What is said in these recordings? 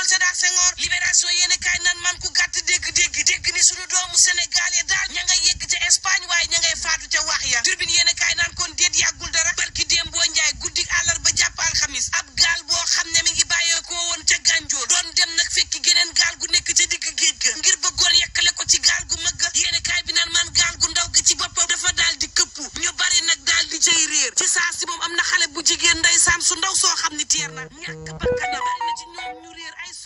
Léopold Sédar Senghor libération yéen kaay nan man ku gàtt dégg-dégg dégg ni sunu doomu Sénégal ya daal ña ngay yëgg ca Espagne waaye ña ngay faatu ca wax ya turbine yéen kaay naan kon déet yàggul dara barki déem boo njaay guddi àllarba jàpp alxamis ab gaal boo xam ne mi ngi bàyyeekoo woon ca gànjool doon dem nag fekki geneen gaal gu nekk ca digg géej ga ngir bëggoon yekkale ko ci gaal gu mag yéen bi naan man gaal gu ndaw gi ci boppam dafa daal di këpp ñu bari nag daal di cay réer ci saa si moom su ndaw soo xam na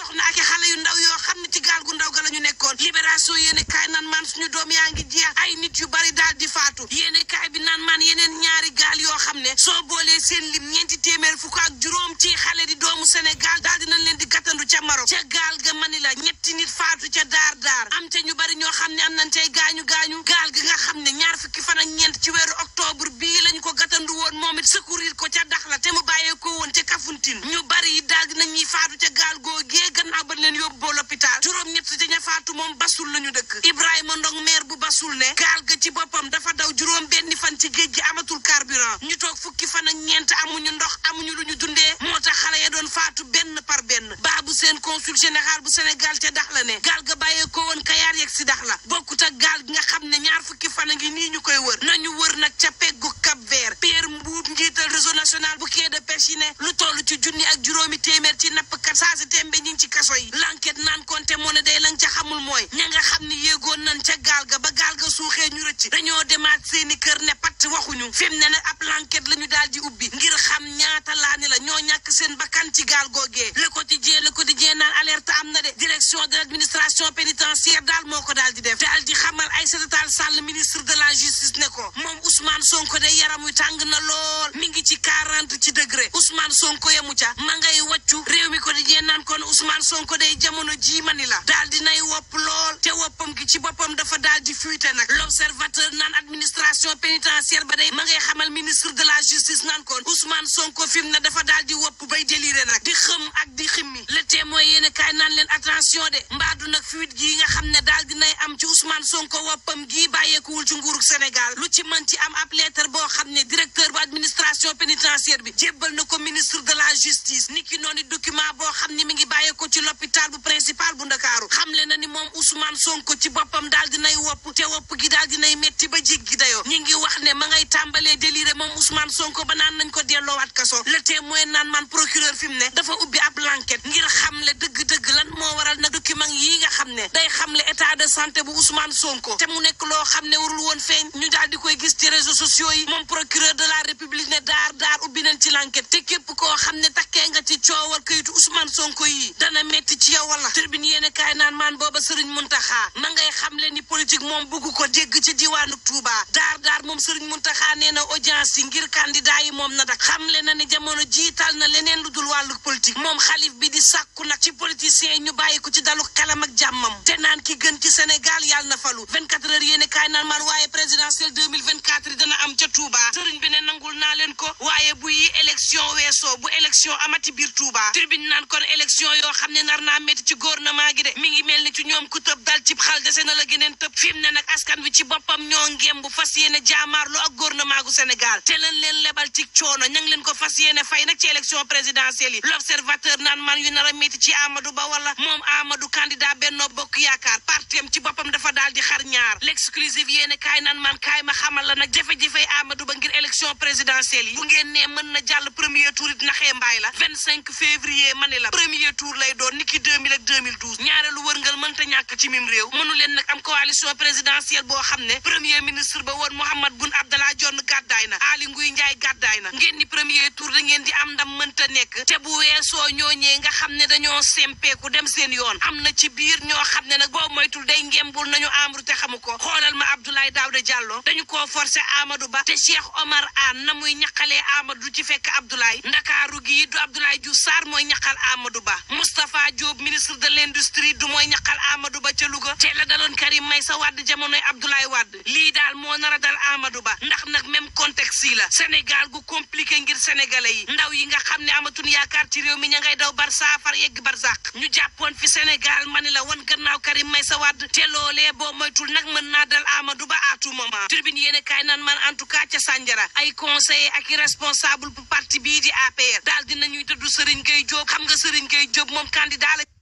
soxna ak xale yu ndaw yoo xam ne ci gaal gu ndaw ga la ñu nekkoon libération yéeni kaay naan maan suñu doom yaa ngi jeex ay nit yu bari daal di faatu yéeni kaay bi nan maan yeneen ñaari gaal yoo soo goolee seen lim ñeenti téeméer fukk ak juróom ci xale di doomu Sénégal daal dinañ leen di gàttandu ca Maroc ca gaal ga mani la ñetti nit faatu ca daar daar am ca ñu bari ñoo xam ne am nañ tey gaañu gaañu gaal gi nga xam ne ñaar fukki fan ak ñeent ci weeru octobre bii ko gàttandu woon moom it secourir ko ca Dakhla te mu bàyyee ko woon ca Kafountine ñu bari daal dinañ ñuy faatu ca gaal googee gannaaw ba leen yóbboo l'hôpital juróom ñett ca ña faatu moom Basul lañu dëkk Ibrahima Ndong maire bu Basul ne gaal ga ci boppam dafa daw juróom benn fan ci géej gi amatul carburant ñu toog fukki fan ak ñeent amuñu ndox amuñu lu ñu dundee moo tax xale ya doon faatu benn par benn bu seen consul général bu senegal ca dax la ne gaal ga bàyyee ko woon yar yegg si dax la bokkut ak gaal gi nga xam ne ñaar fukki fan a ngi nii ñu koy wër nañu wër nag ca pegg national bu quai de pêche yi ne lu toll ci junni ak juróomi téeméer ci nappkat saa si tembe ñi ngi ci kaso yi l'enquête naan konte moo ne day lañ ca xamul mooy ña nga xam ni yéegoon nañ ca gaal ga ba gaal ga suuxee ñu rëcc dañoo demaat seeni kër ne patt waxuñu fi mu ne nag ab l'enquête la ñu daal di ubbi ngir xam ñaata laa ni la ñoo ñàkk seen bakkan ci gaal googee le quotidien le quotidien naan alerte am na de direction de l'administration pénitentiaire daal moo ko daal di def daal di xamal Aïssata Tall Sall ministre de la justice ne quarante ci degré Ousmane Sonko yemu ca ma ngay wàccu réew mi ko di ñee naan kon Ousmane Sonko day jamono ji la daal di nay wopp lool te woppam gi ci boppam dafa daal di fuite nag l'observateur naan administration pénitentiaire ba day ma ngay xamal ministre de la justice naan kon Ousmane Sonko fi mu ne dafa daal di wopp bay déliré nag di xëm ak di ximmi le témoin yéen kaay leen attention de mbaadu nag fuite gi nga xam ne Ousmane Sonko woppam gii bàyyeekuwul ci nguurug Sénégal lu ci man ci am ab lettre boo xam ne directeur bu administration pénitentiaire bi jébbal na ko ministre de la justice niki noonu document boo xam ne mi ngi bàyyeekoo ci l'hôpital bu principal bu Ndakaaru xamle na ni moom Ousmane Sonko ci boppam daal dinay wopp te wopp gi daal dinay metti ba gi dayoo ñi ngi wax ne ma ngay tàmbalee déliré moom Ousmane Sonko ba naan nañ ko delloowaat kaso le témoin naan man procureur fi mu ne dafa ubbi ab l'enquête ngir xamle dëgg-dëgg lan moo waral na document yi nga xam ne day xamle état de santé bu Sonko te mu nekk loo xam ne warul woon feeñ ñu daal di koy gis ci réseaux sociaux yi moom procureur de la république ne daar daar ubbi nañ ci l'enquête te képp koo xam ne takkee nga ci coowal kayitu Ousmane Sonko yi dana metti ci yow wala tribune yéen kaay naan maan booba Serigne Mountakha ma ngay xam leen ni politique moom bugg ko jégg ci diwaanu Touba daar daar moom Serigne Mountakha nee na audience yi ngir candidat yi moom na dak xamle na ni jamono jiital na leneen lu wàllu politique moom xalif bi di sàkku nag ci politiciens yi ñu bàyyi ci dalu xelam jàmmam te naan ki gën ci Sénégal yàlla na falu 24 heures naan maan waaye présidentielle dana am ca Touba sëriñ bi ne nangul naa leen ko waaye bu yi élection weesoo bu élection amati biir Touba tribune naan kon élection yoo xam ne nar naa métti ci gouvernement gi de mi ngi mel ni ci ñoom ku tëb dal cib xal dese na la geneen tëb fi ne nag askan bi ci boppam ñoo ngem bu fas yéene jaamaarloo ak gouvernement gu Sénégal te leen leen lebal ci coono ña leen ko fas yéene fay nag ci élection présidentielle a di xar ñaar l'exclusive yéene kaay naan man xamal la nag jafe-jafey Amadou Ba ngir élection présidentielle yi bu ngeen nee mën na jàll premier tour it naxee mbaay la 25 février ma ne la premier tour lay doon niki 2000 ak 2012 ñaareelu wërngal mënta ñàkk ci mim réew mënu nag am coalition présidentielle boo xam ne premier ministre ba woon Mahammed Boun Abdallah Dionne gàddaay na Aly Ngouille Ndiaye gàddaay na ngeen ni premier tour da ngeen di am ndam mënta nekk te bu weesoo ñooñee nga xam ne dañoo sempeeku dem seen yoon am ci biir ñoo xam ne nag boo Amadou te xamu ko xoolal ma Abdoulaye Daouda Diallo dañu koo forcé Amadou Ba te Cheikh Omar Anne na muy ñaqalee Amadou ci fekk Abdoulaye Ndakaaru gi du Abdoulaye Diouf Sarr mooy ñaqal Amadou Ba Moustapha Diop ministre de l'industrie du mooy ñaqal Amadou Ba ca Louga te la daloon Karim Meïssa Wade jamonoy Abdoulaye Wade lii daal moo nar a dal Amadou Ba ndax nag même contexte yi la Sénégal gu compliqué ngir sénégalais yi ndaw yi nga xam ne amatuñ yaakaar ci réew mi ña ngay daw barsa far yegg barzak ñu jàppoon fi Sénégal ma ne la wan gannaaw Karim Meïssa Wade te loolee boo moytul nag mën naa dal Amadou Ba à tout moment turbine yéen kaay en tout cas ca Sandiara ak i responsable bu Gueye Diop xam nga Serigne Gueye Diop moom candidat la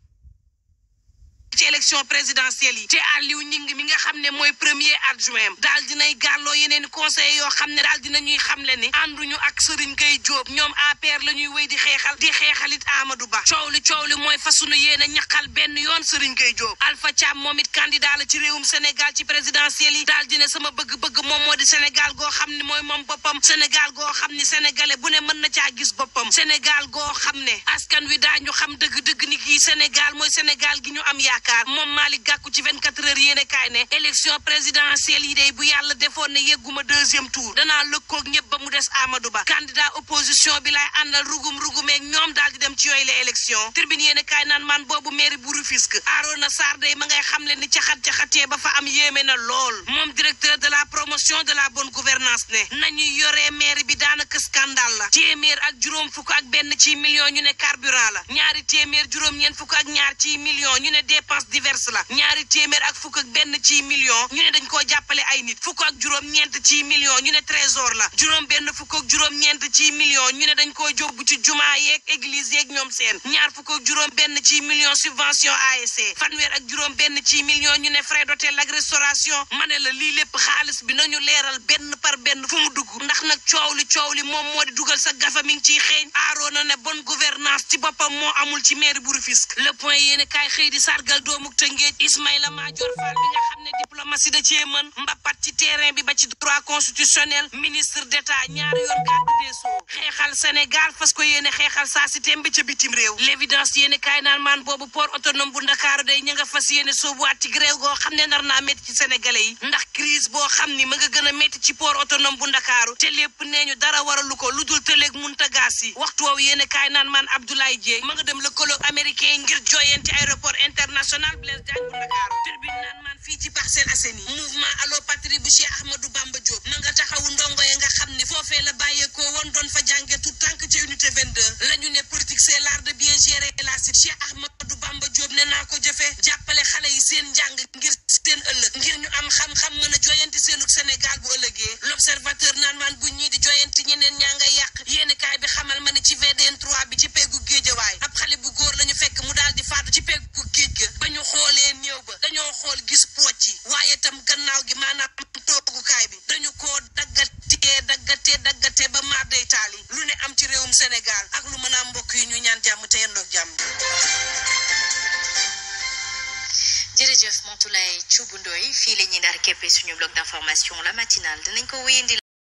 ci élection présidentielle yi te Aliou Ngingue mi nga xam ne mooy premier adjoint daal dinay gàlloo yeneen conseil yoo xam ne daal dinañuy xamle ni ànduñu ak Serigne Gueye Diop ñoom APR la ñuy wéy di xeexal di xeexalit Amadou Ba coow li coow li mooy fasunu yéen a ñaqal benn yoon Serigne Gueye Diop Alpha Thiam moom it candidat la ci réewum Sénégal ci présidentielle yi daal dina sama bëgg-bëgg moom moo di Sénégal goo xam ne mooy moom boppam Sénégal goo xam ne sénégalais bu ne mën na caa gis boppam Sénégal goo xam ne askan wi daa ñu xam dëgg-dëgg ni kii Sénégal mooy Sénégal gi ñu am yaakaar Dakar moom Malick Gakou ci 24 ne élection présidentielle yi day bu yàlla defoon ne yegguma deuxième tour danaa lëkkoog ñëpp ba mu des Amadou Ba candidat opposition bi laay àndal rugum rugumee ñoom daal dem ci yooyu la élection tribune naan man boobu mairie bu Rufisque Arona Sarr day ma ngay xamle ni caxat-caxatee ba fa am yéeme na lool moom directeur de la promotion de la bonne gouvernance ne nañu yoree mairie bi daanaka scandale la téeméer ak juróom fukk ak benn ci million ñu ne carburant la ñaari téeméer juróom-ñeent fukk ak ñaar ci million ñu ne dépense diverse la ñaari téeméer ak fukk ak benn ci million ñu ne dañ koo jàppale ay nit fukk ak juróom-ñeent ci million ñu ne trésor la juróom benn fukk ak juróom-ñeent ci million ñu ne dañ koo jóbbu ci jumaa yeeg église yeeg ñoom seen ñaar fukk ak juróom benn ci million subvention ASC fanweer ak juróom benn ci million ñu ne frais d'hôtel ak ma ne la lii lépp xaalis bi nañu leeral benn par benn fu mu dugg ndax nag coow li li moom moo di dugal sa gafa mi ngi ciy xeeñ aaroona ne bon guvernance ci boppam moo amul ci maire bu Rufisque point yéene xëy di sargal doomuk Tëngéej Ismaïla Madior Fall bi nga xam ne diplomatie da cee mën mbapat ci terrain bi ba ci droit constitutionnel ministre d'état ñaari yoon xeexal Sénégal fas ko yéene xeexal saa si tembe ca bitim réew l'évidence yéene kaay naan maan boobu port autonome bu Ndakaaru day ña fas yéene soobuwaat ci grève goo xam ne nar naa ci sénégalais yi ndax crise boo xam ni ma nga gën a métti ci port autonome bu Ndakaaru te lépp nee ñu dara waralu ko lu dul tëleeg munta gaas yi waxtu woowu yéene kaay naan maan Abdoulaye Dieng ma nga dem lëkkaloo américain ngir jooyante aéroport international Blaise Diagne bu Ndakaaru turbine naan maan fii ci Parcelles Assainies mouvement Allo Patrie bu Cheikh Ahmadou Bamba Diop ma gérer te ba maar day taali lu ne am ci réewum Sénégal ak lu mën a mbokk yi ñu ñaan jàmm te yendoog jàmm jërëjëf Mantoulaye Thioub Ndoye fii la ñuy daal képpee suñu bloc d'information la matinale dinañ ko wéyandi